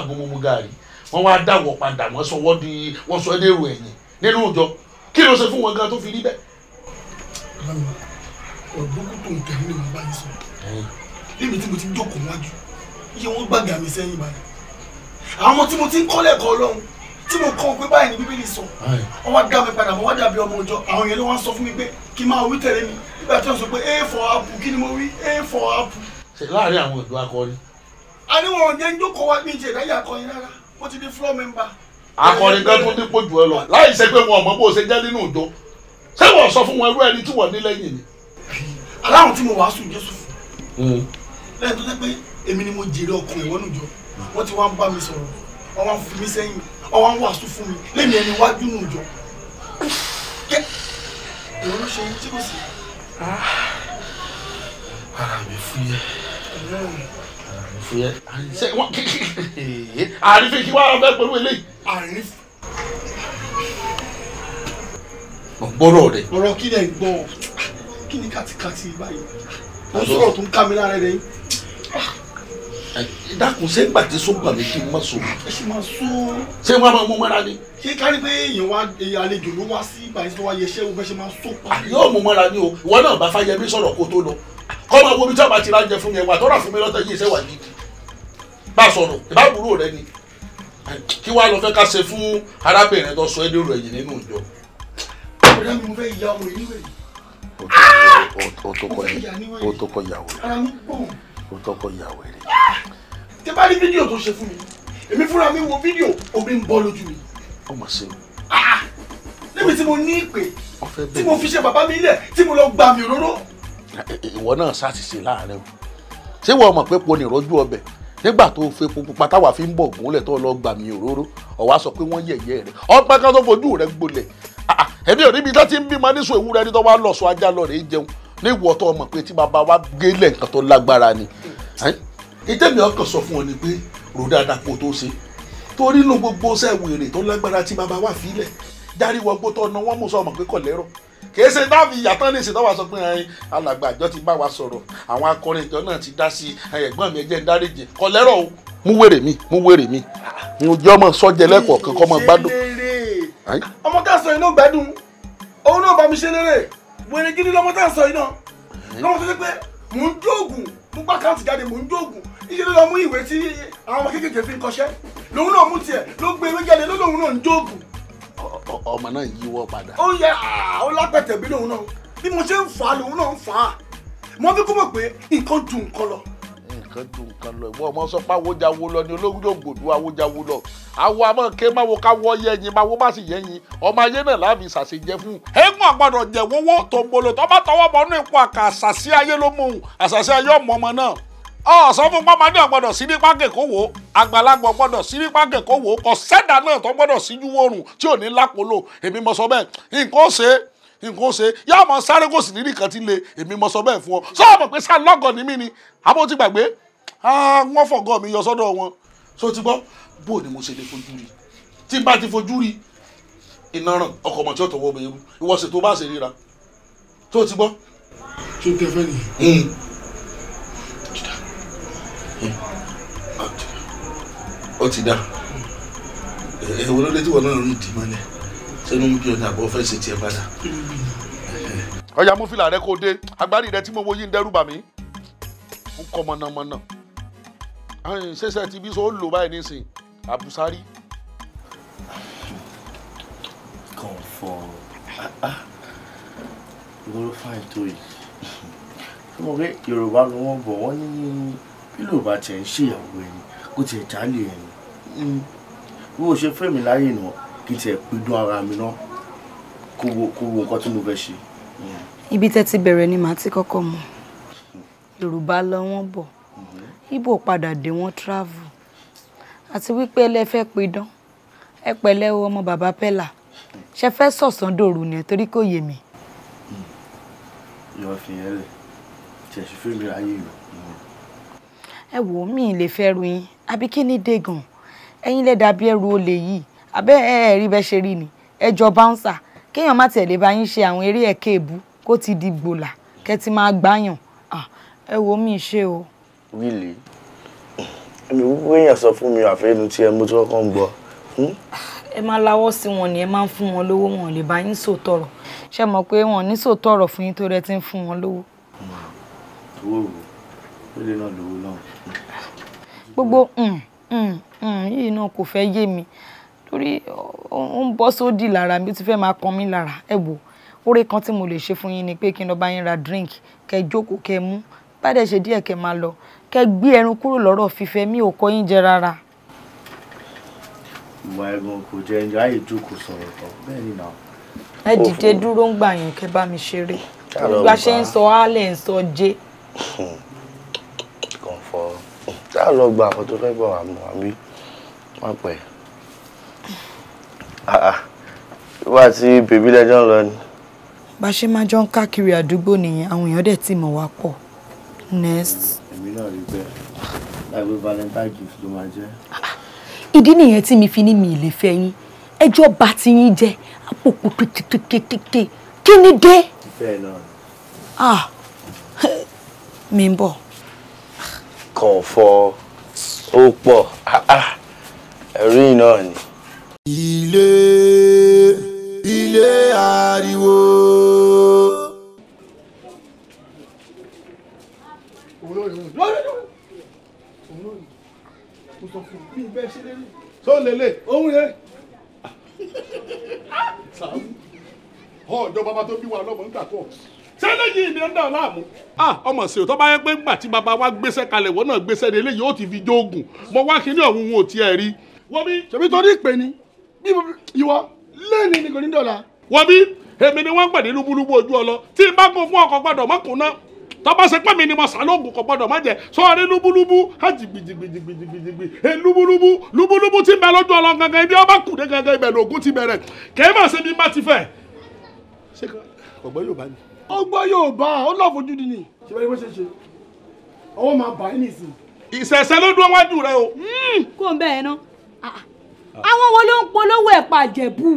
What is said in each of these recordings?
fàgùnmùmù gàrí wọ́n wá dáwọ̀ padà wọ́n sọ wọ́n di wọ́n sọ ẹdẹ́rù ẹ̀yìn nínú ìjọ kí ló ṣe fún wọn gan tó fi rí bẹ́ẹ̀. ọ̀dọ́kùtù nǹkan ni wọ́n bá yín sọ níbi tí mo ti jókòó wájú iye wọn gbàgbé àmì sẹ́yìn báyìí àwọn tí mo ti ń kọ́ lẹ́kọ̀ọ́ ọlọ́run tí mo kọ́ pé báyìí ni bíbélì sọ wọ́n wá dá mi padà wọ́n wá dàbí ọmọ ọjọ́ àwọn yẹn ló wá ń sọ fún mi pé kí n máa wí tẹ̀lé mi nígbà tí wọ́n sọ pé a àní wọn ò yẹn ń jókòó wa méje lẹ́yìn akọrin rárá ó ti di floor member. akọrin kan tún dípò jù ẹ lọ láì ṣe pé wọn ò mọ bó ṣe jẹ́ nínú ìjọ ṣé wọn sọ fún wọn irú ẹni tí wọn ní lẹ́yìn ni. aláwọ̀ tí mo wàásù jésù fún hmm. lẹ́yìn tó jẹ́ pé èmi ni mo jèrè ọkùnrin wọn nùjọ wọ́n ti wá ń bá mi sọ̀rọ̀ wọ́n wá ń fi mí sẹ́yìn wọ́n wá ń wàásù fún mi lẹ́mi ẹni wájú nùjọ. kẹ́ ìwọ ló ṣe yín tí kò sí. Ah. ara mi fúyẹ́ fúyẹ́ àrísẹ́ wọn kékeré àrífẹ́ kí wàá fẹ́ pẹ̀lú eléyìí àrífẹ́. mo gbọ́dọ̀ rẹ̀. ọ̀rọ̀ kí lẹ̀ ń gbọ́ ọ kí ni kàtìkàtì báyìí mo sọ̀rọ̀ tó ń ká mi lára rẹ̀ yìí. dákun ṣé gbà tí sóògùn àmì kí n má so. ẹ ṣì máa so. ṣé wọn máa mú mọ́ra ni. ṣé kárí pé èèyàn wá àlejò ló wá sí ìgbà ìṣẹ́ wa yẹ ṣé ṣe máa so pa. yóò mú mọ́ra ni o ìwọ náà bá fáyemí sọ̀rọ̀ kó tó lọ kọ́ máa wo ibi tí a bá ti ra jẹ fún mi ẹ̀wà tó rà fún mi lọ́tọ̀ yìí ṣẹ́wà gidi bá sọ̀rọ̀ ìbáàbúrò rẹ ni kí wàá lọ fẹ́ ká ṣe fún arábìnrin tó sọ ẹdínwó ẹ̀yìn nínú ìjọ. ọ̀rẹ́ mi fẹ́ ya ọmọ yìí wẹ̀. o tó kọ ìyàwó rẹ o tó kọ ìyàwó rẹ. tẹ bá rí fídíò tó ṣe fún mi èmi fúnra mi wo fídíò omi ń bọ́ lójú mi. ọmọ ṣe o. Ah! níbi tí mo ní ìpè tí mo fi ṣe bàbá mi lẹ̀ tí mo lọ gbà mí òróró. ìwọ náà ṣàṣìṣe láàrin o ṣé ìwọ mọ̀ pé po ni ìrọ́jú ọbẹ̀ nígbà tó fi pupa táwa fi ń bọ̀ gúnlẹ̀ tó lọ gbàmì òróró ọ̀wá sọ pé wọ́n yẹ̀yẹ́ rẹ̀ ọ̀pá kan tó fojú rẹ̀ gbolẹ̀ ẹ̀mí ah, ah, ò níbi tó ń bímọ níṣu ewúrẹ́ ní tó wá lọ̀ sọ ajá lọ rèé jẹun ní ìwọ tó mọ̀ pé tí bàbá wa gélé nǹkan tó lágbára ni. ìtẹ́mi ọkàn sọ fún ọ ni pé rò dáadáa kó tó ṣe torí inú gbogbo sẹ́wèrè tó lágbára tí bàbá wa fi lẹ̀ járíwọ́ gbótọ́ ọ̀nà kìí ṣe náà fi yàtọ̀ ní ìṣètò wa sọ pé ẹyin alàgbà àjọ ti bá wa sọ̀rọ̀ àwọn akọrin ìjọ náà ti dá sí ẹ̀gbọ́n mi ẹ̀jẹ̀ ń dáríjì kọlẹ́rọ̀ o mú wèrè mi mú wèrè mi ǹjẹ́ ọmọ sọ́jẹ́ lẹ́kọ̀ọ́ kankan ọmọ gbádùn. ọmọ tá a sọ iná gbádùn òun náà bá mi ṣe lérè wèrè gidi lọmọ tá a sọ iná lọmọ tó ṣe pé mò ń jóògùn mo gbà káàtì jáde mò ń jóògùn ọmọ náà yíwọ́ padà. ó yẹ ó lápẹ̀tẹ̀ bí lòun náà bí mo ṣe ń fà á lòun náà ń fà á mo fi kó mọ̀ pé nǹkan ju nǹkan lọ. nǹkan ju nǹkan lọ ìwọ ọmọ sọ pé awójáwo lọ ni olóńgbò gbòdú awójáwo lọ àwọ àmọ́ ké máwo káwọ yẹyin máwo má sì yẹyin ọmọ ayé náà láàbì ṣàṣejẹ fún. eégún àgbàdo jẹ tó ń bolo tó bá tọwọ́ bọ inú ipò àkà àṣàṣì ayé ló mú un ayé ọmọ ọmọ náà ọ̀sán fún pọ́mọdé ọ̀gbọ́dọ̀ sí ní pákẹ́kọ̀ọ́ wò àgbàlagbà ọ̀gbọ́dọ̀ sí ní pákẹ́kọ̀ọ́ wò kò sẹ́dà náà tó gbọ́dọ̀ síjú oorun tí ò ní lápolo èmi mo sọ bẹ́ẹ̀ nǹkan ó ṣe nǹkan ó ṣe yá ọmọ sáré kò sì ní nìkan ti le èmi mo sọ bẹ́ẹ̀ fún ọ sọ ọmọ pé sáà lọ́gọ̀ ni mí ni àbó ti gbàgbé wọ́n fọ̀gọ́ mi yọ sọ́dọ̀ wọn so ti gbọ́ bó ni mo ṣe lè fojú rí tí n bá ti fojú rí iná ràn ọkọ̀ mọ̀ tí ó tọwọ́ mi irú tó bá ṣe ríra so ti gbọ́. ṣé o tẹ fẹ́ nìyẹn. ó ti dàrú ẹ̀wọ̀n ló dé tí wọn náà ń dì mọ́lẹ̀ sẹ́nu mú kí ọ̀nà àbọ̀ fẹ́ ṣe tiẹ̀ padà. ọ̀yà mú fìlà rẹ kó dé agbárí rẹ tí mo wo yín dẹ́rù bà mí ń kọ́ mọ̀nàmọ́nà ṣẹ̀ṣẹ̀ ti bí so ó lò báyìí nísìn àbùsárí. kàn fọ ìwúrò tó yìí fún mi pé yorùbá ni wọ́n bọ̀ wọ́n ní bí ló tẹ̀ ń ṣèyàwó ẹni ó tiẹ̀ jálè ẹ̀ ni mm. bí mo ṣe fẹ́ mi láyè náà kí n tiẹ̀ pidún ara mi náà kó wo kó wo nǹkan tí mo fẹ́ ṣe. Mm. ibi tẹ́ ti bẹ̀rẹ̀ ni màá ti kọ́kọ́ mọ̀ yorùbá lọ bọ̀ mm-hmm. ibo padà dé wọ́n travel àti wípé ẹ lẹ pidán ẹ pẹ̀lẹ́ ọmọ bàbá pẹ́là ṣe fẹ́ sọ̀sán dòru ni ẹ torí kò yé mi. Mm. yọ̀ọ́ fi yẹn tẹ̀sí fún mi láyè rẹ̀ ẹ wò mí lè fẹ́ ru yín àbí kí ni dé gan ẹ̀yin lẹ dàbí ẹrù olè yìí àbẹ́ ẹ ẹ rí bẹ́ẹ̀ ṣe rí ni ẹ jọ báńsà kéèyàn má tẹ̀lé bá yín ṣe àwọn eré ẹ̀kẹ́ èbú kó ti di gbòlà kẹ́ ti máa gbáyàn ẹ wò mí ṣe o. wíìlì èmi wúwo èèyàn sọ fún mi àfẹnu tí ẹ mú tí wọn kàn ń gbọ́. Hmm? ẹ máa lawọ́ sí wọn ni ẹ máa ń fún wọn lówó wọn lè bá yín sòtọrọ ṣe mọ̀ pé wọn ní sòtọrọ fún yín tó rẹ ti ń fún wọn lówó ó lè náà lówó náà. gbogbo mm, mm, mm, yìí náà kò fẹ́ yé mi torí ó ń bọ́ sódì lára mi ó ti fẹ́ máa kan mí lára ẹ wò oore kan tí mo lè ṣe fún yín ni pé kí n lọ bá yín ra drink kẹ́ jókòó kẹ́ mú bá dẹ̀ ṣe díẹ̀ kẹ́ máa lọ kẹ́ gbé ẹnu kúrò lọ́rọ̀ fífẹ́ mi ò kọ́ yín jẹ rárá ìwà ẹ̀gbọ́n kò jẹ́ ẹjọ́ ayé ju kò sọ̀rọ̀ tán bẹ́ẹ̀ ni náà. ẹ dìde dúró ń gbà yín kẹ́ bá mi ṣeré bí a ń sọ á ń sọ jẹ́. tá a lọ gba àwọn tó fẹ́ bọ̀ wá mọ̀ àbí wọ́n pẹ̀. wá sí bèbí lẹ́jọ́ lọ ni. bá a ṣe máa jọ ń káàkiri àdúgbò nìyẹn àwọn èèyàn dẹ̀ ti mọ̀ wá pọ̀ next. èmi náà rí bẹ́ẹ̀ láìpẹ́ valentine gift ló máa jẹ́. ìdí nìyẹn tí mi fi ní mi ìlè fẹ́ yín ẹjọ́ bá ti yín jẹ́ àpòpò kékeré kí ni dé. ìfẹ́ náà. ah mi ń bọ̀ kan fọ ó pọ̀ ah, ah, ẹ̀rí náà ni. ilé ilé ariwo. ọ̀dọ́ bàbá tó bí wa lọ́mọ ń gbà tó ṣé lẹ́yìn ìdí ń dàn láàmú. ah ọmọ sí o tó bá yẹ pé ńgbà tí bàbá wa gbéṣẹ́ kalẹ̀ wọ́n náà gbéṣẹ́ de eléyìí ó ti fi jóògùn mo wá kíní ọ̀hún wọn ò tiẹ̀ rí. wọ́n bí ṣèbí torí ìpè ni bí ìwọ lẹ́ni ni kò ní dọ̀la. wọ́n bí èmi ni wọ́n pàdé lúbúlúbú ojú ọlọ tí n bá kún fún ọkọ̀ gbọ́dọ̀ mọ́kùnná tọ́ba ṣe pẹ́ mi ni mo ṣàlóògùn kò gbọ́dọ̀ má jẹ sọ́ọ́rí lúbúlúbú hajìgbìjìgbìjìgbìjìgbì ẹ lúbúlúbú lúbúlúbú ti bẹ lójú ọlọ gangan ibi ọba kùdé gangan ibẹ̀ lóògùn ti bẹ̀rẹ̀ kẹ́ẹ́ bá ṣe bí má ti fẹ́ ṣe kan ọgbọ́n Yorùbá ni. ọgbọ́n Yorùbá ó náà fojú di ni. ṣé bẹ́ẹ̀ ni wọ́n ṣe ṣe ọwọ́ máa bà á nìsín. ìṣẹ̀ṣẹ̀ ló dúró wájú rẹ o. Hmm, kò ń bẹ́ẹ̀ ná àwọn wo ló ń polówó ẹ̀pà jẹ̀bù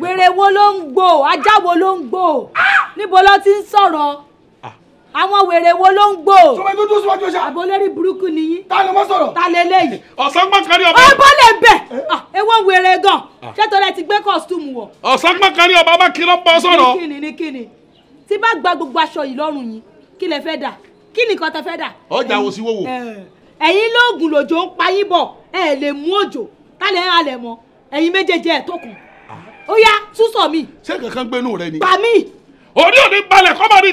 wèrè wo ló ń gbò ajá wo ló ń gbò níbo ló ti ń sọ̀rọ̀ àwọn wèrè wo ló ń gbò. sọmọ ibi tó síwájú ọjà. àbò lórí burúkú nìyí. ta ló mọ sọ̀rọ̀. ta lè léyìí. ọ̀sán pọ̀ kárí ọba. ọba lè bẹ̀. Eh? Ah, ewo wèrè gan. Ah. ṣé torí ẹ ti gbé kọ́sítúmù wọ̀. ọ̀sán pọ̀ kárí ọba bá kí ló bọ́ sọ̀rọ̀. kíni ni kíni tí bá gba gbogbo aṣọ yìí lọ́rùn yìí kí lè fẹ́ dà kí nìkan tẹ fẹ́ dà. ọjà wo sí wò wò. Eh, ẹ̀yin lóògùn lòjò ń pa yín bọ̀ ẹ lè mú òjò ta lè halẹ̀ mọ́ ẹ̀yin méjèèjì ẹ̀ tó kù. ó yá túsọ̀ mi. ṣé kankan gbénú rẹ ni. bà mí. òní òní balẹ̀ kọ́ bá rí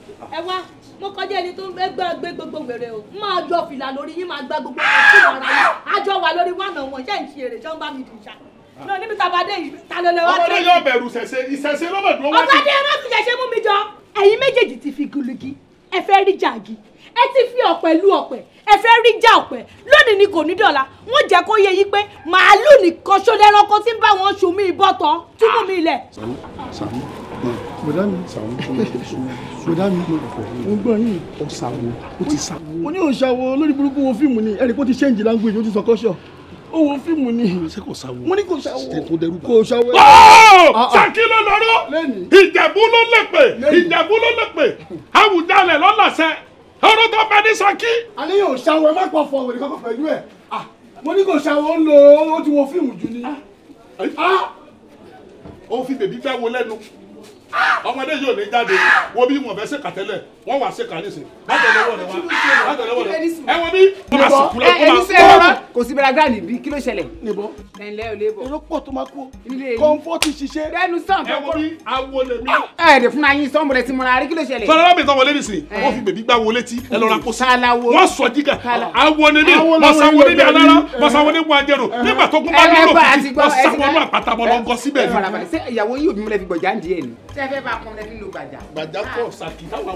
ẹ wá mo kọjá ẹni tó ń gbé gbé gbogbo wèrè o máa jọ fìlà lórí yín máa gba gbogbo ẹni tó wà láyé àjọ wà lórí wà náà wọn ṣé ń ṣe èrè jọ ń bá mi dùn ṣá lọ ah. níbi tá a bá dé yìí ta ló lè wá dé. ọmọdé yóò bẹ̀rù ṣẹ̀ṣẹ̀ ìṣẹ̀ṣẹ̀ ló bẹ̀ dúró wájú. ọmọdé ẹ má fi ṣẹ̀ṣẹ̀ mú mi jọ. ẹ̀yin méjèèjì ti fi gulugi ẹ fẹ́ rí jàgì ẹ ti fi ọ̀pẹ̀ lu ọ̀pẹ̀ ẹ fẹ́ rí já ọ̀pẹ̀ lónìí ni kò ní dọ̀la wọ́n jẹ́ kó yé yín pé màálù nìkan ṣọlẹ́rọ́kọ tí ń bá wọn ṣùmí ìbọ̀tọ̀ túbọ̀ mi ilẹ̀. sàmú sàmú bọ̀dá mi bọ̀dá mi mo gbọ́ yín ó ṣàwo ó ti ṣàwo. mo ní òṣàwo lórí burúkú wo fíìmù ni ẹ̀rí kó ti change language ó ti sọ kọ́ṣọ̀ ó wo fíìmù ni. ṣé kò ṣàwo mo ní kò ṣàwo kò ṣàwo. ṣákí ló lọ́rọ́ ìjẹ̀bú ló lè pè ìjẹ̀bú ló lè pè àwùjalè lọ́lọ́sẹ̀ ọ̀rọ̀ tó bẹ ní ṣákí. alẹ́ yóò ṣàwo ẹ má pọ̀ fọ̀ wèrè kọ́kọ́ pẹ̀lú ẹ̀ mo ní kò ṣàwo ó lo ó ti wo fíìmù jù ni. ó fi bèbí fẹ́ wo lẹ́nu ọmọdé yóò ní jáde wo bí wọn fẹ́ ṣèkà tẹ́lẹ̀ wọ́n wà ṣe kàní sí I rẹ̀ wá látọ̀lọ́wọ́ rẹ̀ ẹ̀wọ̀n mi. níbọ̀ ẹni sẹ́ ẹ̀rọ kò sí bẹ̀rẹ̀ gíráàdì bí kí ló ṣẹlẹ̀. níbọ̀ ẹ̀ǹlẹ́ ò lè bọ̀. èrò pọ̀ tó máa kú kọ́ńfọ́tì ṣiṣẹ́. bẹ́ẹ̀ni sàn tó kọ́ ẹ̀wọ̀n mi. Ah, ẹ ẹ̀dẹ̀ fún ayé sọ́n bọ̀lẹ̀ tí mo ra rí kí ló ṣẹlẹ̀. fọlọ́lá mi tán wọlé nìsín wọ́n fi bèbí gbá wo létí ẹ lọ́ra kó sí. wọ́n sọ jígà àwọn ni mi wọ́n sanwó níbi alára wọ́n sanwó níbi àjẹrò eh. nígbà tó kún bá nílò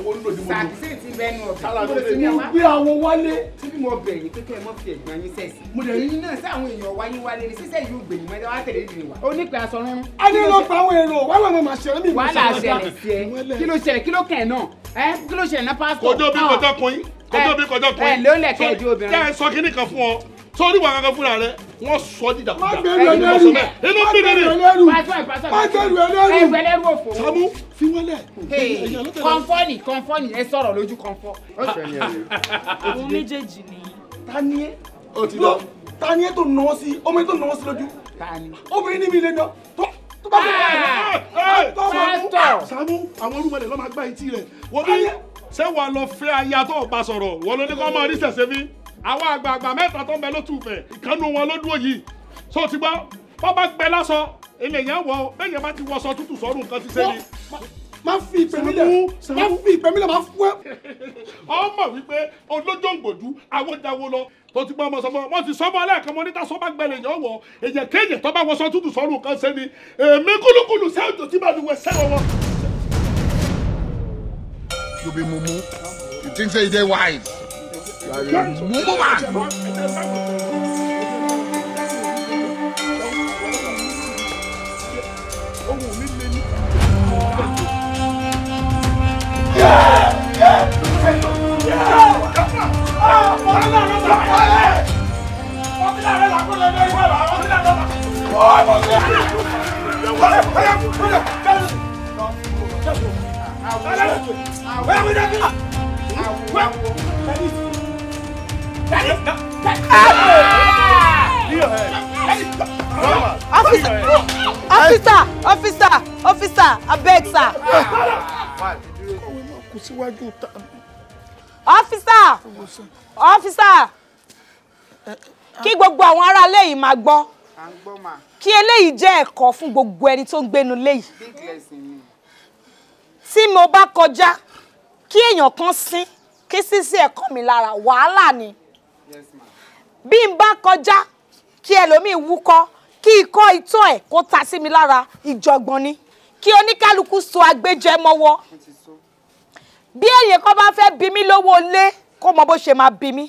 wọ́n lójúmọ́. sàkísẹ́ ti bẹnu ọ̀bẹ. mo gbé àwọn wálé. síbí mo bẹ̀ yín pé kẹ́ ẹ mọ́ fi ẹ̀gbọ́n yín sẹ̀sì. mo dẹ̀ yín náà sí àwọn èèyàn wáyé wálé ni sísẹ́ yóò gbè yín mọ́tẹ́ wá tẹ̀lé ìdìrí wa. ó ní pé aṣọ rán. a ní lọ pa àwọn èrò wàhálà mo máa ṣẹlẹ̀ mi ìmọ̀ ṣẹlẹ̀ kí ló ṣẹlẹ̀ kí ló kẹ̀ náà kí ló ṣẹlẹ̀ náà pásítọ̀. kò sórí wà kankan fúnra rẹ wọn sọ dídà kúdà ẹni wọn sọ bẹ́ẹ̀ inú bí mi ni pàṣẹlú ẹlẹrú ẹgbẹlẹrú òfò Sàámú fi wọn lẹ. kọ̀ǹfọ́nì kọ̀ǹfọ́nì ẹ sọ̀rọ̀ lójú kọ̀ǹfọ́. òun méjèèjì ni. tani ẹ o ti lọ tani ẹ tó nọ sí ọmọ ẹ tó nọ sí lójú obìnrin níbi ilé náà tó tó bá bẹ̀rẹ̀ ah! ah! tó bá ah! mú Sàámú àwọn olùmọ̀lẹ̀ lọ́ọ́ máa gbá etí rẹ̀ wọ́n bí sẹ́wọ̀n lọ fẹ́ aya tó bá sọ̀rọ̀ wọ́n ló ní kó máa rí sẹ̀sẹ̀ bí àwọn àgbààgbà mẹ́ta tó ń bẹ lótú bẹ̀ ìkànnù wọn ló dúró yìí so ti gbọ́ wọ́n bá gbẹ lásọ ènìyàn wọ bẹ́ẹ̀yẹn bá ti wọṣọ tútù sọ́run nǹkan ti sẹ́ni. má fi ìpèmílẹ̀ má fi ìpèmílẹ̀ má fún ẹ. ọmọ wípé olójó ń gbòdú awójáwó lọ tó ti gbọ́ ọmọ sọmọ wọn ti sọmọ aláìkan mọ níta sọ gbẹlẹ̀ yàn wọ èyàn kéèyàn tó bá wọṣọ tútù sọ́run nǹkan sẹ́ni èmi kúlùkùlù sẹ́wọ̀n tí bàdùwẹ̀ sẹ́wọ̀n wọn. you be mumu you think say you dey wise move on. Where are we going? Officer. Officer. Officer. Officer. Abeg, sir. Officer. Officer. Kí gbogbo àwọn ará ilé yìí máa gbọ́. Kí eléyìí jẹ́ ẹ̀kọ́ fún gbogbo ẹni tó ń gbénu léyìí. Tí mo bá kọjá, kí èèyàn kan sín, kí sísí ẹ̀kọ́ mi lára wàhálà ni bí n bá kọjá kí ẹlòmíín wúkọ́ kí ikọ́ itọ́ ẹ̀ kó ta sí mi lára ìjọ̀gbọ̀n ni kí oníkálukú so agbéjẹ mọ́wọ́ bí èèyàn kan bá fẹ́ bí mi lówó lé kó mọ bó ṣe máa bí mi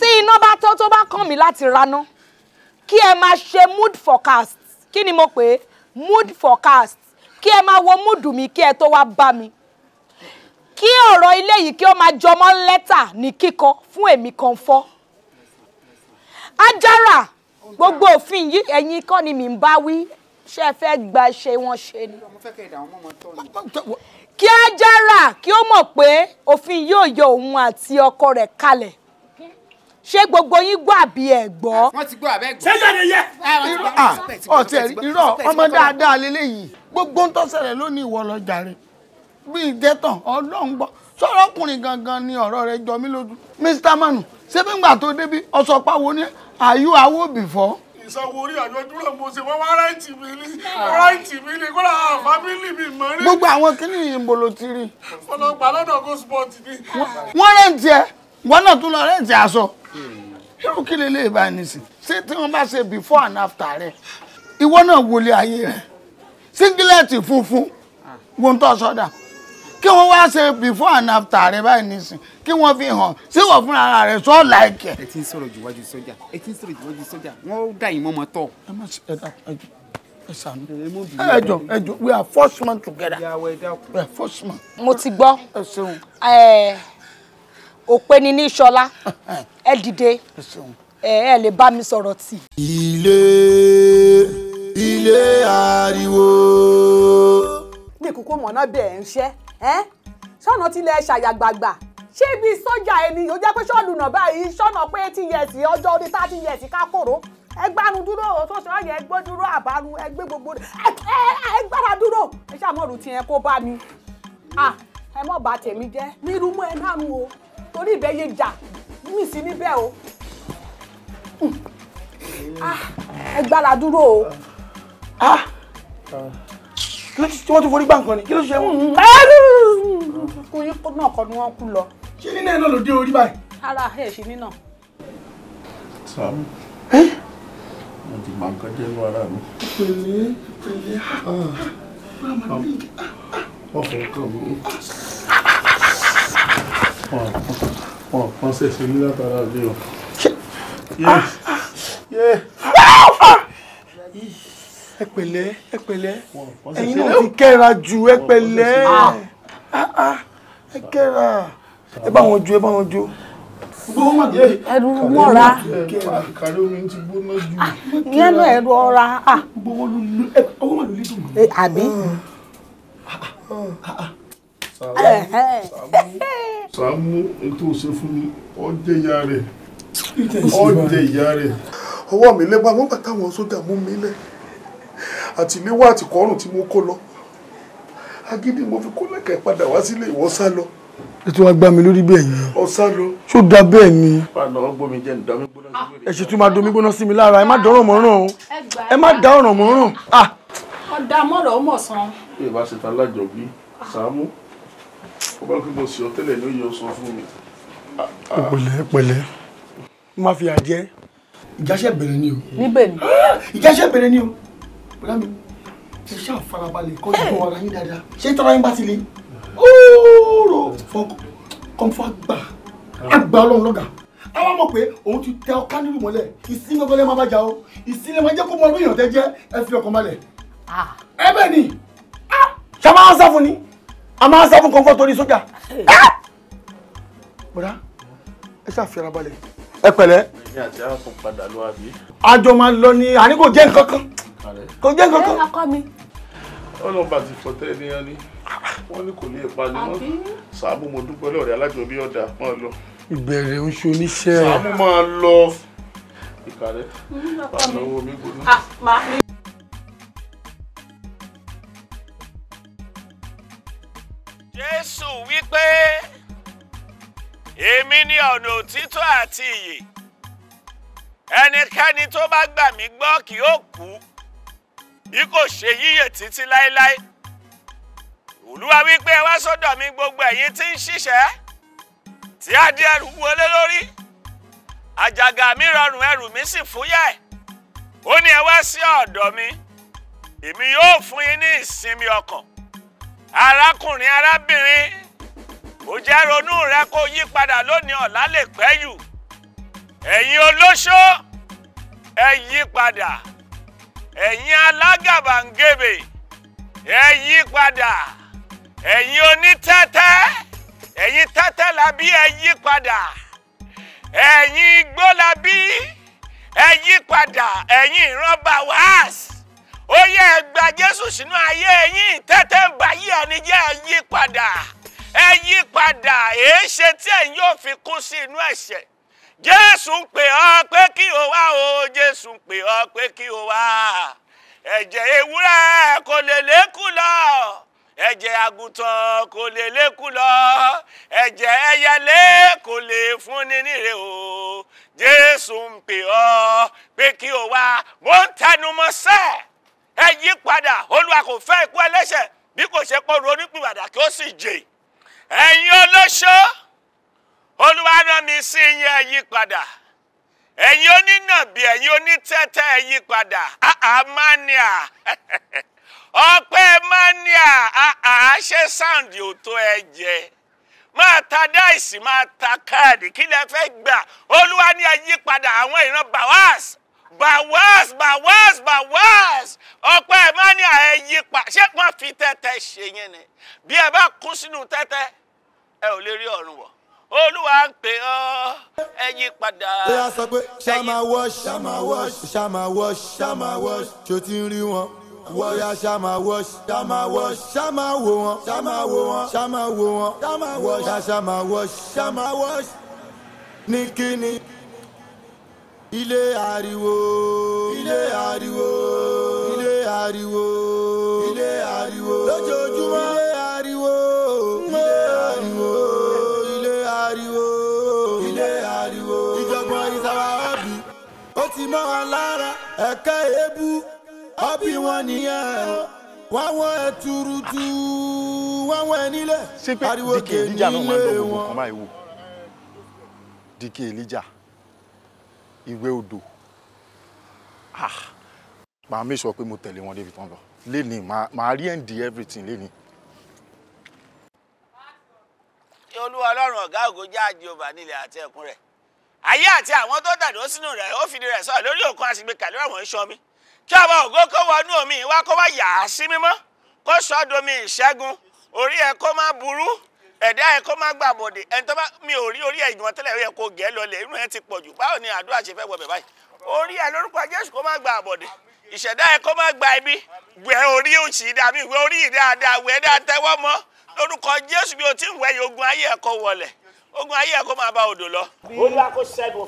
tí iná bá tó tó bá kàn mí láti raná kí ẹ máa ṣe mood forecast kí ni mo pè é mood forecast kí ẹ máa wo múdù mi kí ẹ tó wá bá mi kí ọ̀rọ̀ ilé yìí kí ó máa jọmọ́ lẹ́tà ní kíkọ fún èmi kan fọ́ ajára gbogbo òfin yìí ẹ̀yin kọ́ ni mi ń bá wí ṣé ẹ fẹ́ gba ṣe wọn ṣe ni. kí ajára kí ó mọ̀ pé òfin yóò yọ òun àti ọkọ rẹ̀ kalẹ̀ ṣé gbogbo yín gbọ́ àbí ẹ̀ gbọ́. wọ́n ti gbọ́ àbẹ́ gbọ́. ṣẹ́jọ́ yẹ. Ah, ọ̀tẹ̀ irọ́ ọmọ dáadáa lélẹ́yìí gbogbo ń tó lónìí ìwọ lọ jàre bí ìjẹ́tàn ọlọ́run gbọ́ sọ̀rọ̀ ọkùnrin gangan ni ọ̀rọ̀ rẹ jọ mí lójú. Mr. Manu ṣé bí ngbà tó débi ọ̀sọ̀ pàwo ni àyù awó bìfọ́. ìsanwó orí àjọjúrò mo ṣe wọ́n wá ráìtì mi ní ráìtì mi ní kó làá fámìlì mi mọ́ rí. gbogbo àwọn kìnnì ìbòlò ti rí. ọlọ́pàá lọ́dọ̀ go sport ni. wọ́n rẹ̀ǹtì ẹ̀ wọ́n náà tún lọ rẹ̀ǹtì aṣọ. irú kí lè lè bá ẹni sìn ṣé tí wọ́n bá ṣe before and after rẹ̀ ìwọ náà wọlé ayé rẹ̀ singlet funfun wo ń tọ́ sọ́dà. So kí wọ́n wá ṣe before and after rẹ báyìí nísìn kí wọ́n fi hàn sí wọ́n fúnra rẹ sọ láìkẹ́. ẹ ti ń sọ̀rọ̀ jù wájú sọ́jà ẹ ti ń sọ̀rọ̀ jù wájú sọ́jà wọ́n dà yín mọ́mọ́ tọ̀. ẹ má ṣe ẹ dá ẹ sànú ẹ jọ ẹ jọ we are first man together we are first man. mo ti gbọ́ ẹ ṣeun ẹ òpè ni ní ìṣọlá ẹ dìde ẹ lè bá mi sọ̀rọ̀ tì. ilé ilé ariwo. bí kòkó mọ̀nà bẹ́ẹ̀ ń ṣẹ́ ẹ́ ṣọ́nà tilẹ̀ ṣàyàgbàgbà ṣé ibi sọ́jà ẹni yóò jẹ́ pé ṣọ́ọ̀lù náà báyìí ṣọ́nà pé eighty years ọjọ́ orí thirty years kákòrò ẹgbàánu dúró òtúnṣe ọyẹ ẹgbó dúró àbánu ẹgbẹ gbogbo ẹgbàrá dúró ẹ ṣàmọ̀rù tiẹ̀ kó bá mi ẹ mọ̀ bá tèmi jẹ́ mi mọ́ ẹ náà o torí ìbẹ́ yé jà mí sí níbẹ̀ o ẹgbàrá dúró o kí ló ti wọ́n ti forí gbà nǹkan ni kí ló ṣe wọ́n. Mm. kò yí náà kọ́ ni wọ́n kú lọ. ṣé nínú ẹ̀ náà ló dé orí báyìí. ara ẹ̀ ṣe nínà. sàmù mo ti gbà nǹkan jẹ́ lọ ara mi. pẹ̀lẹ́ pẹ̀lẹ́ ah. Ah, ah. ọkọ̀ kan mi. wọn kàn ṣẹ̀ṣẹ̀ ní látara ilé o. yé yé ẹ pẹ̀lẹ́ ẹ pẹ̀lẹ́ ẹ̀yin náà ti kẹ́ra jù ẹ pẹ̀lẹ́ ah, ah, ẹ kẹ́ra ẹ bá wọn jó ẹ bá wọn jó ẹrù mọ́ra ah, yẹnu ẹrù ọra eh, àbí mm. sàmú ètò òṣè fún mi ọjẹ ìyá rẹ ọjẹ ìyá rẹ ọwọ́ mi lẹ́gbàá wọ́n gbà táwọn sójà mú mi lẹ́ àtìléwá àtìkọ́rùn tí mo kó lọ agídí mo fi kó lẹ́kẹ̀ẹ́ padà wá sílé ìwọ́sá lọ. ẹ ti wá gbá mi lórí bẹ́ẹ̀ yẹn. ọ̀sá lọ. ṣó da bẹ́ẹ̀ ni. ẹ ṣètò máa domi gbóná sí mi lára ẹ má dá ọ̀rọ̀ mọ́ràn o ẹ má dá ọ̀rọ̀ mọ́ràn. ọ̀dà ah! mọ́rọ̀ ó mọ̀ san. bí ìbá ṣe ta lájọ bí sàámú ó bá kí mo sì ọ tẹ́lẹ̀ ló yẹ ọ sọ fún mi. pẹ̀lẹ́ pẹ̀lẹ́ má fi àjẹ́ ìjáṣẹ́ bẹ̀rẹ̀ ni o. níbẹ̀ ni. ìjáṣẹ́ bẹ̀rẹ̀ ni o bóyá mi ẹ ṣáà farabalẹ̀ kọ́ ìbọn ara yín dáadáa ṣé tọ́ra yín bá ti le ooo fọ kọ́ńfọ́ àgbà àgbà ah. ọlọ́run lọ́gà àwa mọ̀ pé òun ti tẹ ọká nínú mọ́lẹ̀ ìsinmi ọgbẹ́lẹ́ máa bá jà o ìsinmi máa jẹ́ kó mọ ọdún èèyàn tẹ jẹ́ ẹ fi ọkàn balẹ̀ ah. ẹ bẹ́ẹ̀ ni ah! ṣe máa ń sá fún ni a máa ń sá fún kọ́ńfọ́ torí sójà bọ́dá ẹ ṣáà fi ara balẹ̀ ẹ pẹ̀lẹ́. ẹ̀yin àti àwọn kan padà lọ àbí. àjọ máa lọ ni àní kò jẹ́ nǹkan kan kalẹ̀. kò jẹ́ kankan. ẹ akọ mi. ọlọ́ba ti fọ̀tẹ́ ènìyàn ni wọ́n ní kò ní ìpani wọn sàámù mo dúpẹ́ lọ́ọ̀rẹ́ alájọbí ọ̀dà máa lọ. ìbẹ̀rẹ̀ ń ṣoníṣẹ́ rẹ̀. sàámù máa lọ ìkàrẹ́ wà lọ́wọ́ mi gbóná. Ah, Jésù wípé èmi ni ọ̀nà òtítọ́ àti ìyè ẹnikẹ́ni tó bá gbà mí gbọ́ kì yóò kú bí kò ṣe yíyè títí láéláé olúwa wípé ẹ wá sọ́dọ̀ mi gbogbo ẹ̀yin tí ń ṣiṣẹ́ tí adìẹ ẹrù wọlé lórí àjàgà mi rọrùn ẹrù mi sì fúyẹ́ ó ní ẹ wá sí ọ̀dọ̀ mi èmi yóò fún yín ní ìsinmi ọkàn arákùnrin arábìnrin ó jẹ́ ronú rẹ kó yí padà lónìí ọ̀la lè pẹ́ jù ẹ̀yin olóṣó ẹ yí padà. ẹ̀yin alágàbàǹgebè ẹ yí padà ẹ̀yin onítẹ́tẹ́ ẹ̀yin tẹ́tẹ́ labí ẹ padà ẹ̀yin igbó labí ẹ padà ẹ̀yin ìran bawas ó yẹ ẹgbà Jésù sínú ayé ẹ̀yin tẹ́tẹ́ ń jésù ń pè ọ́ pé kí o wá o jésù ń pè ọ́ pé kí o wá ẹ̀jẹ̀ ewúrẹ́ kò lè lékù lọ ẹ̀jẹ̀ àgùntàn kò lè lékù lọ ẹ̀jẹ̀ ẹyẹlé kò lè fúnni níre o jésù ń pè ọ́ pé kí o wá mo ń tẹnumọ́ sẹ́ẹ̀ ẹ yí padà olúwa kò fẹ́ ikú ẹlẹ́ṣẹ̀ bí kò ṣe kó ronú pìwàdà kí ó sì jè ẹ̀yin olóṣó olúwa mi sí yín ẹ yí padà ẹ̀yin onínàbí ẹ̀yin onítẹ́tẹ́ ẹ yí padà àá mania ọpẹ́ mania àá ṣe sáǹdì òtó ẹ jẹ máa ta dáìsì máa ta káàdì kí lẹ fẹ́ gbà olúwa ní ẹ yí padà àwọn ìran bawas bawas bawas bawas ọpẹ́ mania ẹ yí padà ṣé wọ́n fi tẹ́tẹ́ ṣe yẹn ni bí ẹ bá kú sínú tẹ́tẹ́ ẹ ò lè rí ọ̀run wọ̀ olúwa ń pè ọ́ ẹ yí padà. ó yà sọ pé ṣàmà wọ́ṣ ṣàmà wọ́ṣ ṣàmà wọ́ṣ ṣàmà wọ́ṣ ṣó ti ń rí wọn. Wọ́yà ṣàmà wọ́ṣ ṣàmà wọ́ṣ ṣàmà wò wọn ṣàmà wò wọn ṣàmà wò wọn ṣàmà wọ́ṣ ṣàmà wọ́ṣ ṣàmà wọ́ṣ ní kíni. Ilé ariwo ilé ariwo ilé ariwo ilé ariwo lójoojúmọ́. ti mọ́ wọn lára ẹ̀ka èébú ọbí wọn nìyẹn wọ́n wọ́n ẹ̀ tuurutu wọ́n wọ́n ẹ̀ nílẹ̀ ariwo kè nílé wọn. dike elija ìwé odò ah, màá mi sọ pé mo tẹ̀lé wọn débi tán lọ lẹ́ni màá rí ẹ̀ǹdì everything lẹ́ni. olúwa ọlọ́run ọ̀gá ògo jáde ọba nílẹ̀ àti ẹ̀kún rẹ̀ ayé àti àwọn tó dàdó sínú rẹ̀ ó fìdí rẹ̀ sọ̀rọ̀ lórí òkun àṣìgbèkà lórí àwọn iṣan mi kí ọba ògo kó wọnú omi wá kó wá yà á sí mímọ́ kó sọ́domi ìṣẹ́gun orí ẹ kó má burú ẹ̀dá ẹ kó má gbàbọ̀dé ẹni tó bá mi ò rí orí ẹ̀gbọ́n tẹ́lẹ̀ ó yẹ kó gẹ̀ lọlẹ̀ irú ẹ ti pọ̀ jù báwo ni àdúrà ṣe fẹ́ wọ̀ bẹ̀ báyìí orí ẹ lórúkọ Jésù kó má gbàbọ̀dé ìṣẹ̀dá ẹ kó má gba ibi wẹ̀ orí òsì dàbí wẹ̀ orí ìdáadáa wẹ̀ dáa tẹ́wọ́ mọ́ lórúkọ Jésù bí o ti ń wẹ̀ yogun ayé ẹ kó wọlẹ̀ ogun ayé ẹ kó máa bá odò lọ. olúwa kó fún ẹ kó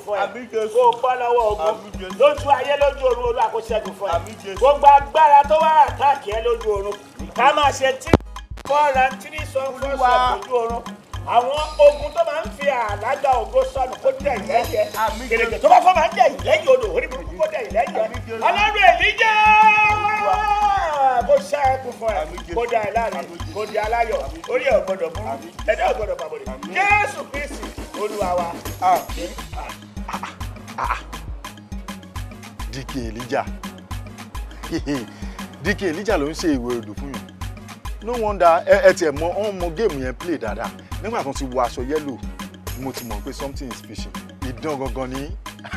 o bọ́ lọ́wọ́ ogun lójú ayé lójú ọ̀run olúwa kó fún ẹ gbogbo agbára tó wà àtàkì ẹ lójú ọ̀run ká máa ṣe tí fọ́ra tírí sọ fún ọ̀sán lójú ọ̀run àwọn ogun tó máa ń fi àlágbá ògo sọnù kó dẹ̀ yìí lẹ́yẹ kèrèkè tó bá fọ́ máa ń dẹ̀ yìí lẹ́yìn odò orí kó dẹ̀ yìí lẹ́yẹ ọlọ́run èlíjà bó ṣe ẹkùn fún ẹ kó di aláàánú kó di aláyọ̀ orí ẹ ò gbọ́dọ̀ burú ẹ̀dá ò Jésù Kristi Olúwa wa. dike elija dike elija ló ń ṣe ìwé odò fún yìí no wonder ẹ ẹ tiẹ̀ mọ ọ́n mọ géèmù yẹn play dáadáa nígbà tó ti wọ aṣọ yẹ́lò mo ti mọ̀ pé something is fishing ìdán gangan ni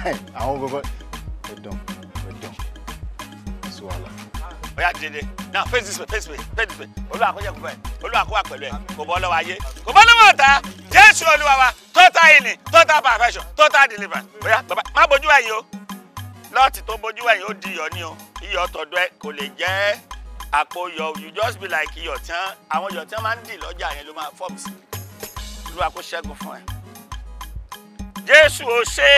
àwọn gangan ìdán ọ̀yá dìde náà face this way face this way face this way olúwa kó jẹ́ kó fẹ́ olúwa kó wà pẹ̀lú ẹ̀ kò bọ́ lọ́wọ́ ayé kò bọ́ lọ́wọ́ ọ̀tá jésù olúwa wa total healing total perfection total deliverance ọ̀yá bàbá má bójú ẹ̀yìn o lọ́ọ̀tì tó bójú ẹ̀yìn ó di iyọ̀ ni o iyọ̀ tọ̀dọ̀ ẹ kò lè jẹ́ àpò iyọ̀ you just be like iyọ̀ tí wọ́n àwọn iyọ̀ tí wọ́n máa ń dì lọ́jà yẹn ló máa fọ́ọ̀mù sí olúwa kó ṣẹ́gun fún ẹ jésù ò ṣe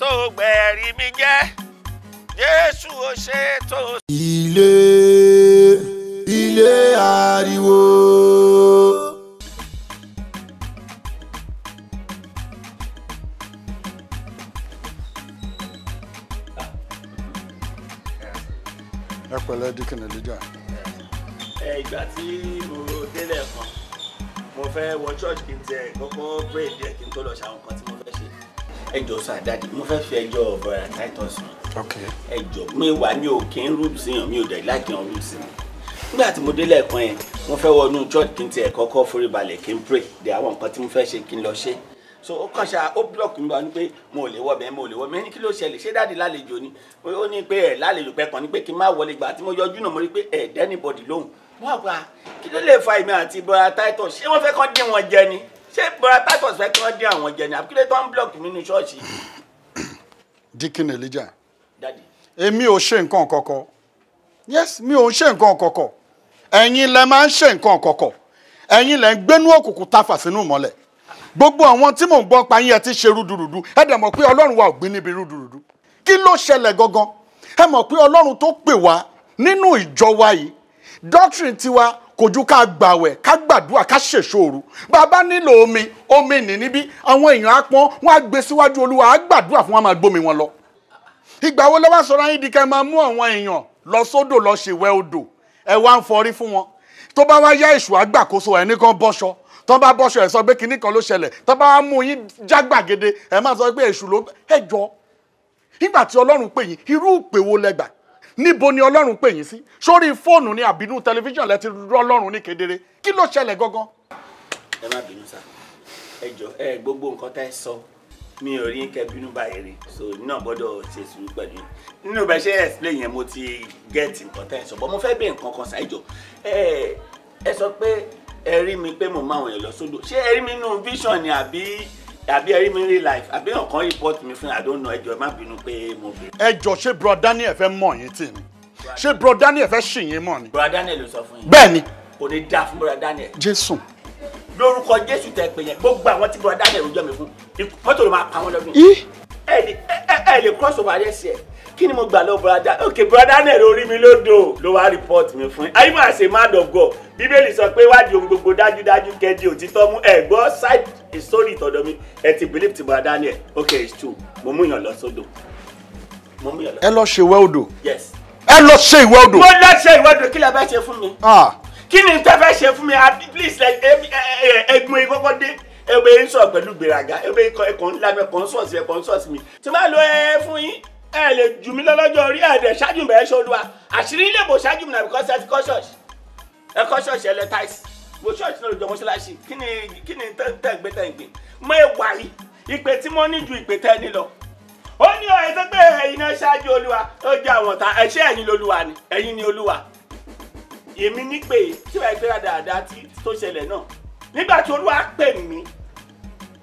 tó gbẹ̀rí mi jẹ́ jésù ò ṣe é tó ilé ilé ariwo. ẹ pẹ̀lẹ́ dikini lójà. ẹ ìgbà tí mo délẹ̀ kan mo fẹ́ wọ church kí n tẹ kọ́kọ́ pray díẹ̀ kí n tó lọ ṣàwọn kan tí mo fẹ́ ṣe. ẹ jọ sọ àdáde mo fẹ́ fi ẹjọ́ brother Titus sùn ẹ jọ mi wà ní òkè ń rúùtù sí yàn mi ò dẹ̀ láìkí yàn rúùtù sí mi nígbà tí mo délẹ̀ kan yẹn mo fẹ́ wọnú church kí n tiẹ̀ kọ́kọ́ forí balẹ̀ kí n pray de àwọn nǹkan tí mo fẹ́ ṣe kí n lọ ṣe so ó kàn ṣá ó block mi wá ní pé mo ò lè wọ bẹ́ẹ̀ mo ò lè wọ bẹ́ẹ̀ ní kí ló ṣẹlẹ̀ ṣé dáàdi lálejò ni ó ní pé ẹ̀ lálejò pẹ́ kàn ní pé kí n má wọlé gbà tí mo yọjú náà mo rí pé ẹ̀ dẹ́nibọ̀dì lóhùn wọ́n àgbà ah, kí ló lè fa èmi àti bọ́ra titus ṣé wọ́n fẹ́ kàn dín wọn jẹ ni ṣé bọ́ra titus fẹ́ kàn dín àwọn jẹ ni àbí tó ń block mi ní ṣọ́ọ̀ṣì. Deacon Elijah Daddy. èmi ò ṣe nǹkan kọ̀kọ̀ yes mi ò ṣe nǹkan kọ̀kọ̀ ẹ̀yin lẹ máa ń ṣe nǹkan kọ̀kọ̀ ẹ̀yin lẹ ń gbénú òkùnkùn tafà sínú mọ́lẹ̀ gbogbo àwọn tí mò ń gbọ́ pa yín ẹ ti ṣe rúdurùdu ẹ dẹ̀ mọ̀ pé ọlọ́run wa ò gbé níbi rúdurùdu kí ló ṣẹlẹ̀ gangan ẹ mọ̀ pé ọlọ́run tó pè wá nínú ìjọ wa yìí doctrine tiwa kò ju ká gbàwẹ̀ ká gbàdúrà ká ṣèṣòro bàbá nílò omi omi nì níbí àwọn èèyàn á pọn wọn á gbé síwájú olúwa á gbàdúrà fún wọn máa gbómi wọn lọ ìgbà wo lọ́wọ́ sọ̀rọ̀ yín di ká máa mú àwọn èèyàn lọ sódò lọ ṣèwẹ́ odò ẹ wá ń forí fún wọn tó bá wá yá èṣù àgbàkóso ẹ̀ nìkan bọ́ṣọ tó bá bọ́ṣọ ẹ̀ sọ pé kinní kan ló ṣẹlẹ̀ tó bá wá mú yín jágbàgede ẹ̀ máa sọ pé èṣù ló ẹ jọ nígbà tí ọlọ́run pè yín irú ìpè wo lẹ́gbà níbo ni ọlọ́run pè yín sí sórí fóònù ni àbínú tẹlifíṣàn lẹ ti rọ ọlọ́run ní kedere kí ló ṣẹlẹ̀ gangan. ẹ má bínú sá ẹ jọ ẹ gbogbo nǹkan tá sọ mi ò rí kẹ́ bínú báyìí rí so náà gbọ́dọ̀ ṣe sùúrù pẹ̀lú nínú bẹ́ẹ̀ ṣe explain yẹn mo ti get nǹkan tẹ́ ẹ̀ sọ bọ́ mo fẹ́ bẹ̀ nǹkan kan ṣáìjọ ẹ sọ pé ẹ rí mi pé mo máa wọ̀nyẹn lọ sódò ṣé ẹ rí mi nínú vision ni àbí àbí ẹ rí mi real life àbí ọ̀kan report mi fún àdónà ẹjọ ẹ má bínú pé mo bèrè. ẹ jọ ṣé bro Daniel fẹ́ mọ̀ yín tì ní ṣé bro Daniel fẹ́ ṣì yín mọ̀ ni. bro Daniel ló sọ fún yín. bẹ́ẹ̀ kò ní dáa fún bro Daniel. Jésù lórúkọ jésù tẹ pé yẹn gbogbo àwọn tí bọ́dá dẹ̀ rojọ́ mi fún mọ́tò ló máa pa wọ́n lọ́dún. ẹ lè cross over ẹ̀ sí ẹ kí ni mo gbà lọ bọ́dá ok bọ́dá náà ló rí mi lódò ló wá report mi fún yín. ayé máa ṣe of God. bíbélì sọ pé wádìí ohun gbogbo dájúdájú kẹ́dí òtítọ́ mú ẹ̀ gbọ́ side story tọ̀dọ̀ mi ẹ̀ ti believe ti bọ́dá náà ok it's true mo mú yàn lọ sódò. ẹ lọ ṣe ìwé odò. yes. ẹ lọ ṣe ìwé odò. mo lọ ṣe ìwé odò kí lè bá ṣe fún mi. ah kí ni tẹ́ fẹ́ ṣe fún mi at least ẹgbọn ìkọ́kọ́ dé ebe ń sọ pẹ̀lú gbèrágà ebe ẹ̀kọ́ ńlá mi ẹ̀kọ́ ń sọ̀ sí ẹ̀kọ́ ń sọ̀ sí mi tí máa lo ẹ fún yín ẹ lè jù mí lọ́lọ́jọ́ orí ẹ̀dẹ̀ ṣáájú bẹ̀rẹ̀ ṣe olúwa àṣírí ilé ìbò ṣáájú mi nàbí kọ́sẹ̀ ẹ̀kọ́ ṣọ̀ṣì ẹ̀kọ́ ṣọ̀ṣì ẹ̀lẹ́ táìsì mo ṣọ̀ṣì náà lójọ́ mọ́ṣáláṣí kí ni kí ni tẹ̀gbẹ́ tẹ̀gbẹ́ mo ẹ̀ wà yìí ìpè tí mo ní ju ìpè tẹ́ ni lọ ó ní ọ̀rẹ́ tó pé ẹ̀yin náà ṣáájú olúwa ó jẹ́ àwọn ta ẹ̀ṣẹ́ ẹ̀yin lolúwa ni ẹ̀yin ni olúwa èmi ní pé tí wàá gbéra dáadáa tí tó ṣẹlẹ̀ náà nígbà tí olúwa pè mí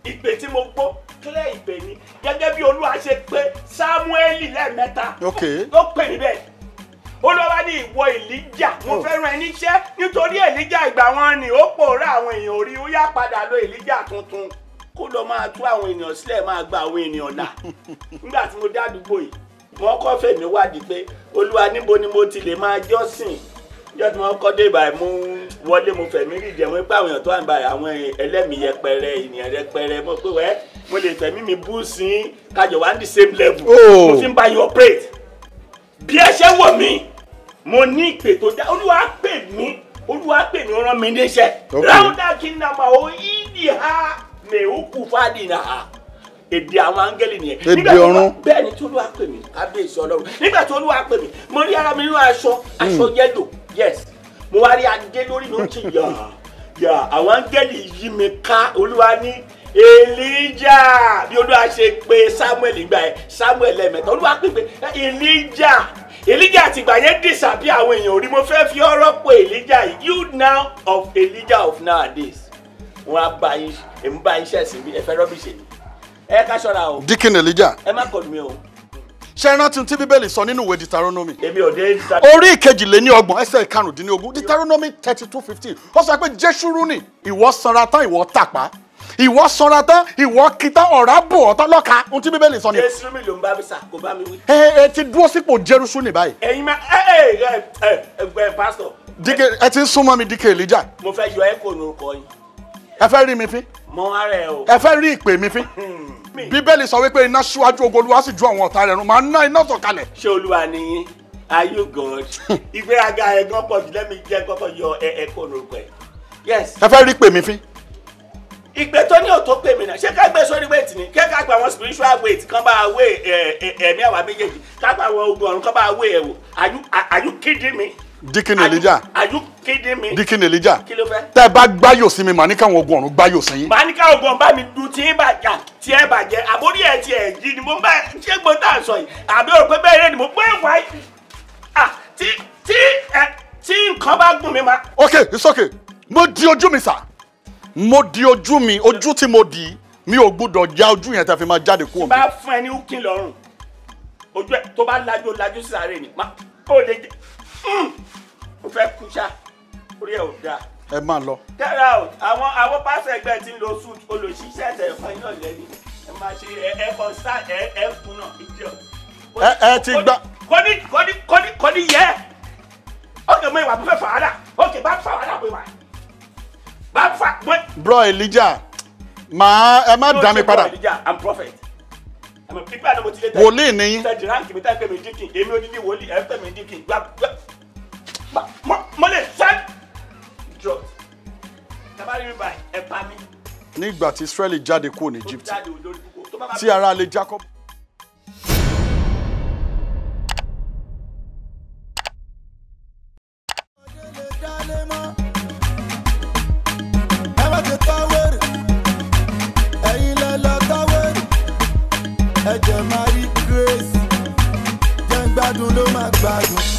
ìpè tí mo gbọ́ clear ìpè mi gẹ́gẹ́ bí olúwa ṣe pé sámúẹ́lì lẹ́ẹ̀mẹ́ta ló pè mí olúwa ní ìwọ ìlíjà mo oh. fẹ́ rán ẹ nítorí ìlíjà ìgbà wọn ni ó pòórá àwọn èèyàn orí ó yá padà lọ ìlíjà tuntun kó lọ máa tú àwọn ènìyàn sílẹ̀ máa gba àwọn ènìyàn là nígbà tí mo dé àdúgbò yìí wọ́n kọ́ fèmí wádìí pé olúwa níbo ni mo ti lè máa jọ́sìn jọ́ tí wọ́n dé ìbàdàn mú wọlé mo fẹ̀mí rí ìjẹun pé àwọn èèyàn tó wà ń ba àwọn ẹlẹ́mìí yẹpẹrẹ ènìyàn yẹpẹrẹ mọ̀ pé wẹ́ mo lè fẹ̀mí mi bú sí kájọ wà ní the same level oh. mo fi ń bá yín operate bí ẹ ṣe wò mí mo ní ìpè tó dá olúwa pè mí olúwa pè mí rán mi níṣẹ́ ráúdà kí n nà máa ó ìdí ha mèókù fàdí nà ha èdè àwọn áńgẹ́lì nìyẹn. èdè ọ̀run bẹ́ẹ̀ ni tí olúwa pè mí kábíyèsí ọlọ́run nígbà tí olúwa pè mí mo rí ara mi nínú aṣọ hmm. aṣọ yẹ́lò yes mo wá rí adé lórí mi ó ti yà yà àwọn áńgẹ́lì yí mi ká olúwa ní elijah bí olúwa ṣe pé samuel ìgbà yẹn samuel ẹ̀mẹ́ta olúwa pè pé elijah elijah ti gbà yẹn dìsàbí àwọn èèyàn orí mo fẹ́ fi ọ̀rọ̀ pé elijah you now of elijah of nowadays wọn á bá yín èmi bá yín ṣẹ̀sìn bí ẹ fẹ́ rọ́bìṣẹ̀ ni ẹ ká ṣọ́ra o. dikin elijah. ẹ má kọlu mi o ṣe rántí tí bíbélì sọ nínú ìwé Deuteronomy. èmi ò dé Deuteronomy. orí ìkejìléní ọgbọ̀n ẹsẹ̀ ìkarùndínlógún Deuteronomy thirty two fifteen ó sọ pé jésùrú ni ìwọ sanra tán ìwọ tàpá ìwọ sanra tán ìwọ kìtá ọ̀rá bò ọ̀tá lọ́ka ohun tí bíbélì sọ ni. jésù mi ló ń bá mi sà kó bá mi wí. ẹ ẹ ti dúró sípò jẹrúsù ní báyìí. ẹ̀yin máa ẹ ẹ ẹ ẹ pásítọ̀. dike ẹ ti ń súnmọ́ mi dike èlíjà. mo fẹ́ yọ ẹ́ kò nù kọ́ yín. ẹ fẹ́ rí mi fín. mọ ara ẹ o. ẹ fẹ́ rí ìpè mi fín. Hmm against me. bíbélì sọ wípé iná ṣíwájú ogo olúwa sì ju àwọn ọ̀tá rẹ̀ run màá ná iná sọ̀kalẹ̀. ṣé olúwa ni yín are you God ìgbéraga ẹ̀gán pọ̀ jù lẹ́mi jẹ́ kọ́kọ́ yọ ẹ̀ẹ́kọ́ lórúkọ ẹ̀ yes. ẹ fẹ́ rí pèmí fín. ìpè tó ní òtó pèmí náà ṣé ká gbé e sórí weight ni kẹ́ ká gba àwọn spiritual weight kan bá a wé ẹ̀mí àwa méjèèjì ká gba àwọn ogun ọ̀run kan bá wé ẹ̀wò are you are you kidding me dikin elija dikin elija tẹ bá gbáyò sí mi màá ní káwọn ogun ọ̀run gbáyò sí yín. màá ní káwọn ogun ọ̀run bá mi dun tí ń bàjá tí ẹ bàjẹ́ àbórí ẹ ti ẹ̀ yí ni mo bá ṣé gbọ́n tá à ń sọ yìí àbí o rò pé bẹ́ẹ̀ rẹ ni mo pé wá ah, tí tí ẹ tí nǹkan bá gùn mi ma. ok it's ok mo di ojú mi sà mo di ojú mi ojú tí mo di mi ò gbúdọ̀ já ojú yẹn tàfi máa jáde kúrò mi. bá fún ẹ ní ukin lọ́rùn ojú ẹ tó bá lajú lajú sí àárẹ̀ ni ó lè jẹ́ ó fẹ́ kú ṣá orí ẹ̀ ò dáa. ẹ máa lọ. tẹ́lá o àwọn àwọn pásọ ẹgbẹ́ ti ń lo suit olùṣiṣẹ́ ẹ̀fọn iná lẹ́yìn ẹ máa ṣe ẹ kọ sá ẹ ẹ kùnà ìjọ. ẹ ẹ ti gbà. kọ́ni kọ́ni kọ́ni kọ́ni yẹ ọkẹ mọ ìwà pípẹ́ fàádà ọkẹ bá fàádà pé wà bá fà. bro Elijah màá ẹ má dá mi padà. bro Elijah i'm prophet pípẹ́ àná mo ti lé tẹ́ wòlíì ni yín tẹ́ dìránkì mi tẹ́ pẹ́ mi dínkì èmi ò ní ní wòlíì ẹ̀ pẹ́ mi dínkì gbà gbà mo lè sẹ́ drop tabari mi báyìí ẹ̀ pa mi. nígbà tí Israẹli jáde kúrò ní Egypt tí ara lè Jacob. bad